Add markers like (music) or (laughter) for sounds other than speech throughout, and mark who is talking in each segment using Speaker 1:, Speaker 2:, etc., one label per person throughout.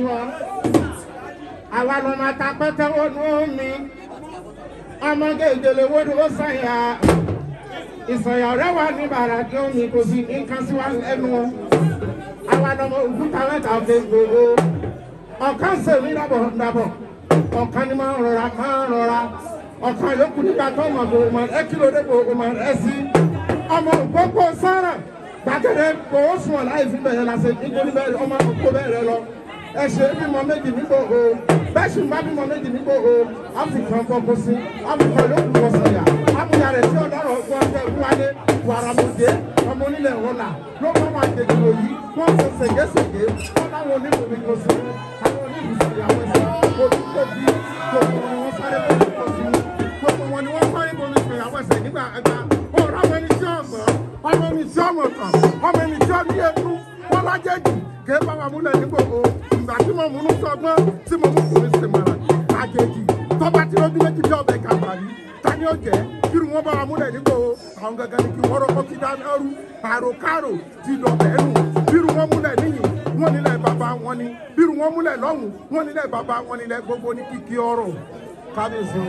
Speaker 1: fún ọ. àwa ló máa ta pẹ́tẹ́ wọnú omi ọmọge ìdèlè wọnú ó sàyà ìsọ̀yà ọ̀rẹ́ wa ní bàrà tí ó mi kò sí nǹkan sí wa lẹ́nu àwa lọ́mọ òkúta mẹ́ta fẹ́ gbogbo ọ̀kan sèmi dàbọ̀ dàbọ̀ ọ̀kan ni máa rọra máa rọra ọ̀kan yòókù nígbà tó mọ̀ bò mọ̀ ẹ́ kí ló dé bò mọ̀ ẹ́ sí ọmọ òpópó sára gbàgede kò ó sùn ọ̀ láì lásìkò nítorí bẹ́ẹ̀ ọmọ òpó bẹ́ẹ̀ rẹ lọ ẹ ṣe bímọ méjì nígbòho bẹ́sùn bá bímọ méjì nígbòho áfíkan fọkùn sí áfíkan ló kù kọsọ̀yà ámúyà rẹ̀ tí ọlọ́rọ̀ ọgbọ́n ọgbẹ́ wáyé wàràmùdé ọmọ onílẹ̀ ọ̀la ló bá wà jẹjẹ òyì wọ́n sọ ṣègéṣègé wọ́n láwọn onílù mi kò sí àwọn onílù sí àwọn ẹ̀sìn gbogbo wọn sáré bomi kò sí gbogbo wọn ni wọ́n sáré bomi kò yàwó ẹ̀sẹ̀ nígbà ẹgbà ọmọ ẹni tí ọmọ ẹni ọmọ ọ̀tàn tí ọmọ ẹni tí ọmọ ẹni tí ọmọ ẹni tí ọmọ ìgbà tí mo múnú sọgbọ́n tí mo mú kùnrin sì mọ̀ràn àjèjì tọ́ba tí lójú méjì bí ọbẹ̀ kàgbàrí ta ni ó jẹ́ kírun wọn bá wa múlẹ̀ nígbò àwọn gangan ni kí wọ́n rọ́kọ́ kí dáná àròkárò ti dọ̀bẹ̀ nù kírun wọn múlẹ̀ níyìn wọn nílẹ̀ bàbá wọn ni bírun wọn múlẹ̀ lọ́hùn wọn nílẹ̀ bàbá wọn nílẹ̀ gbogbo ní kíkí ọ̀rọ̀ kábíyèsí.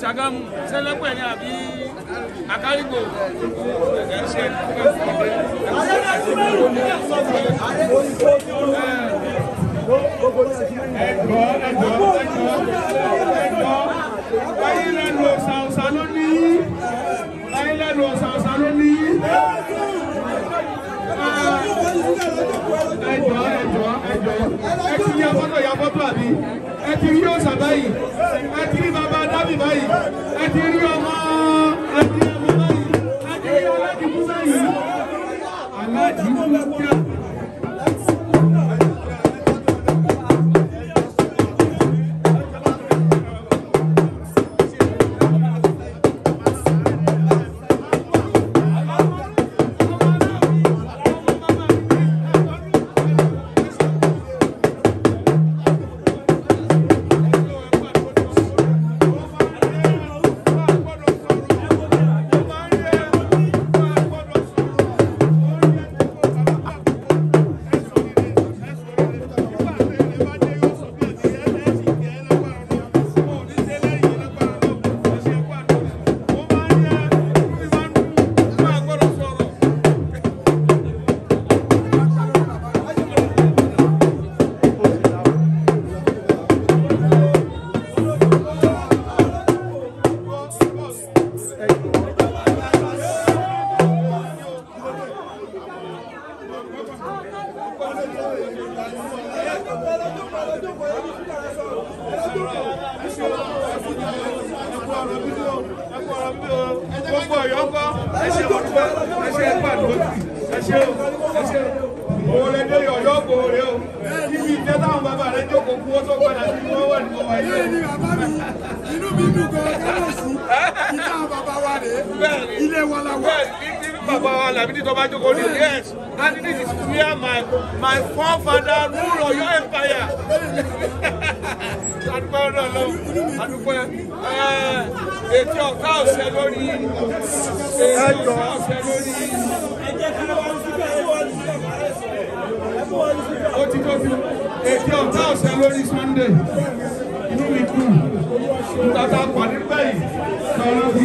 Speaker 1: Ṣàgámù sẹlẹpẹ ni àbí akárìgbò ẹ ṣe ẹgbọ ẹgbọ ẹgbọ láyé lẹ́nu ọ̀sà ọ̀sà ló ní láyé lẹ́nu ọ̀sà ọ̀sà ló ní ẹjọ ẹjọ ẹjọ ẹ ti rí afọ́tò ìyá fọ́tò àbí ẹ ti rí yóò sàbáyì ẹ ti rí bàbá báyìí ẹ ti rí ọmọ ẹ ti rí ọmọ báyìí ẹ ti rí aláàjì mú báyìí aláàjì mú báyìí. gbogbo ilé wa rèé wa bàbá wa Làmídì tó bá jókòó ní yes and this is where my my forefather rule your empire (laughs) adúgbò ọ̀nà lọ adúgbò ètò eh, ọ̀tá ọ̀sẹ̀ lórí ètò ọ̀sẹ̀ lórí. ó ti tó fi ètò ọ̀tá ọ̀sẹ̀ lórí Sunday inú mi kú nígbà tá a pàdé báyìí lọ́wọ́ bí.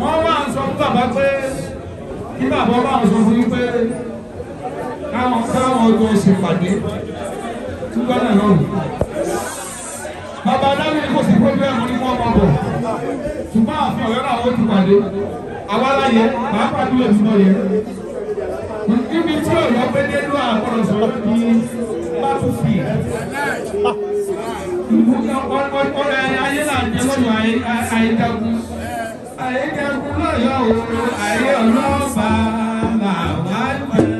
Speaker 1: wọ́n wá ń sọ fún bàbá pé kí bàbá wá ń sọ fún yín pé káwọn káwọn ọdún ọ̀sẹ̀ pàdé túbọ̀ náà lọ́rùn. bàbá adáwọ̀ ni kò sí pọ́blẹ́mù ní wọ́n máa bọ̀ ṣùgbọ́n àfihàn ọ̀rẹ́ làwọn ó ti pàdé àwa láyé pàápàá dúró ìtumọ̀ yẹn níbi tí ọ̀yọ́ pé nínú àwọn ọ̀sán ní bátúfì ìlú ọ̀rẹ́ ayé là ń jẹ́ lọ́dọ̀ àìdágún àyíkẹ́kùn lọ́yọ̀ọ́ àyè ọlọ́ọ̀bà làwọn àgbà.